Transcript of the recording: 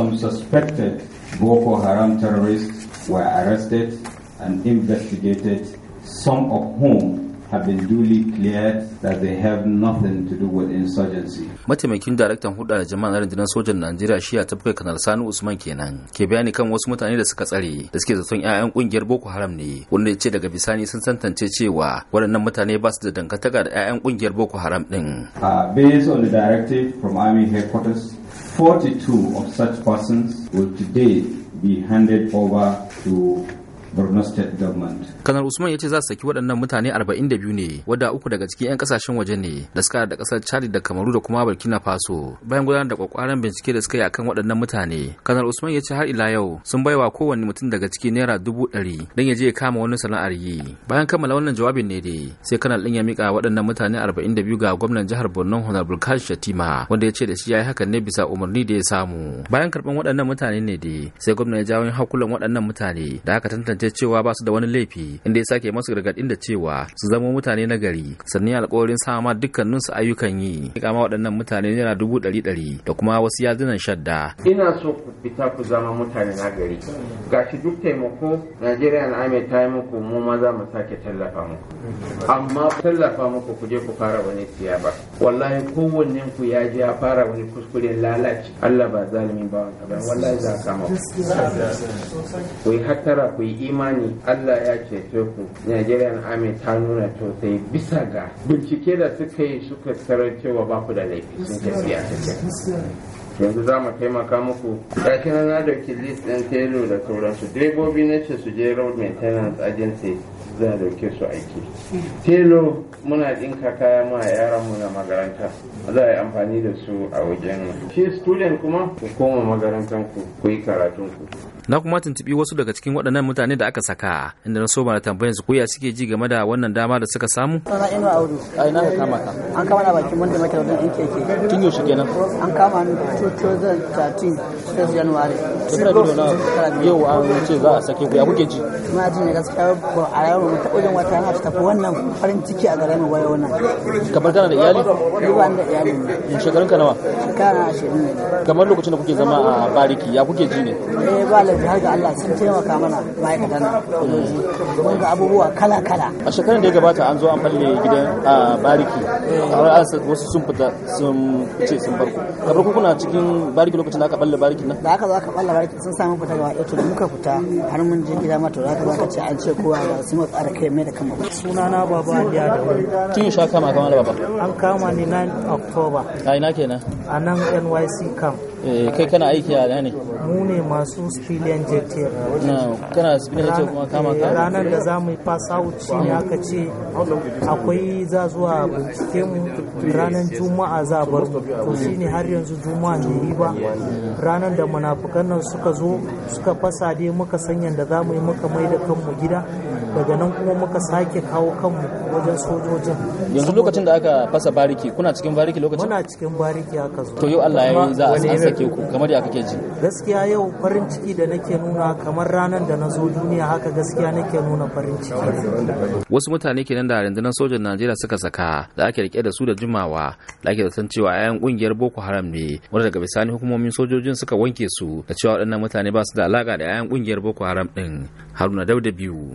some suspected Boko Haram terrorists were arrested and investigated, some of whom have been duly cleared that they have nothing to do with insurgency. Mataimakin daraktan hudu da jama'an rundunar sojan Najeriya shi a tafkai kanar Sani Usman kenan ke bayani kan wasu mutane da suka tsare da suke zaton 'ya'yan kungiyar Boko Haram ne wanda ya ce daga bisani sun tantance cewa waɗannan mutane ba su da dangantaka da 'ya'yan kungiyar Boko Haram ɗin. Uh, based on the directive from Army headquarters 42 of such persons will today be handed over to Borno State Government. Kanar Usman ya ce za su saki waɗannan mutane 42 ne, wadda uku daga cikin 'yan kasashen waje ne da suka da ƙasar Chad da Kamaru da kuma Burkina Faso. Bayan gudanar da kwakwaran bincike da suka yi akan waɗannan mutane, Kanar Usman ya ce har ila yau sun baiwa kowanne mutum daga ciki naira dubu ɗari don ya je ya kama wani sana'ar yi. Bayan kammala wannan jawabin ne dai, sai Kanar ɗin ya mika waɗannan mutane 42 ga gwamnan jihar Borno Honorable Kashi Shatima, wanda ya ce da shi ya yi hakan ne bisa umarni da ya samu. Bayan karɓan waɗannan mutane ne dai, sai gwamnan ya jawo hakulan waɗannan mutane da aka tantance musanta cewa ba su da wani laifi inda ya sake masu gargaɗin da cewa su zama mutane na gari sannan alƙawarin sama dukkanin su ayyukan yi kama waɗannan mutane yana dubu ɗari ɗari da kuma wasu yazinan shadda ina so ku fita ku zama mutane na gari gashi duk taimako Najeriya na ame ta yi muku mu ma za mu sake tallafa muku amma tallafa muku ku je ku fara wani siya ba wallahi kowannen ku ya je ya fara wani kuskure lalaci Allah ba zalimi ba wallahi za ka kama ku yi hattara ku yi imani Allah ya cece ku Nigerian Army ta nuna tausayi bisa ga bincike da suka yi suka tsarar cewa ba ku da laifi sun tafiya ta yanzu za mu taimaka muku gashi na da kilis ɗin telo da sauransu direbobi na ce su je road maintenance agency za a dauke su aiki telo muna dinka kaya ma yaran mu na makaranta za a yi amfani da su a wajen shi student kuma ku koma makarantar ku ku yi karatun ku na kuma tuntubi wasu daga cikin waɗannan mutane da aka saka inda na so da tambayar su koya suke ji game da wannan dama da suka samu sana ina audu a ina ka kama ka an kama na bakin wanda maka wajen ɗin keke tun yau yaushe kenan an kama ni 2013 first january da biyu na yau an ce za a sake ku ya kuke ji ma ji ne gaskiya ba a yaro mu taɓa yin wata hajji ta tafi wannan farin ciki a gare mu wai wannan kamar kana da iyali ni ba da iyali ne shekarun ka nawa shekara ashirin ne kamar lokacin da kuke zama a bariki ya kuke ji ne eh ba lafi har ga Allah sun taimaka mana ma'aikatan hmm. mun ga abubuwa kala kala a shekarun da ya gabata an zo an balle gidan a bariki eh. har wasu sun fita sun ce sun ku. kamar ku kuna cikin bariki lokacin da aka balle bariki nan da aka zo aka balle bariki sun samu fita gaba ɗaya to muka fita har mun je gida ma to za ka ce an ce kowa sun tsara kai mai da kama ba na baba ya da kin sha kama kama da baba an kama ni 9 october a ina kenan a nan nyc camp eh kai kana aiki a ne mu ne masu civilian Na kana civilian jettier kuma kama ka eh, ranar da za mu yi pass out shi ne aka ce akwai za zuwa bincike mu ranar juma'a za bar mu to shine har yanzu juma'a ne yi ba ranar da munafukan nan suka zo suka fasa dai muka sanya da za mu yi muka mai da kanmu gida daga nan kuma muka sake kawo kanmu wajen sojojin yanzu lokacin da aka fasa bariki kuna cikin bariki lokacin muna cikin bariki aka zo to yau Allah ya yi za a sake ku kamar aka kake ji gaskiya yau farin ciki da nake nuna kamar ranar da na zo duniya haka gaskiya nake nuna farin ciki wasu mutane kenan da rundunar sojan Najeriya suka saka da ake rike da su da jimawa da ake san cewa ayan kungiyar Boko Haram ne wanda daga bisani hukumomin sojojin suka wanke su da cewa waɗannan mutane ba su da alaka da ayan kungiyar Boko Haram din Haruna Dauda biyu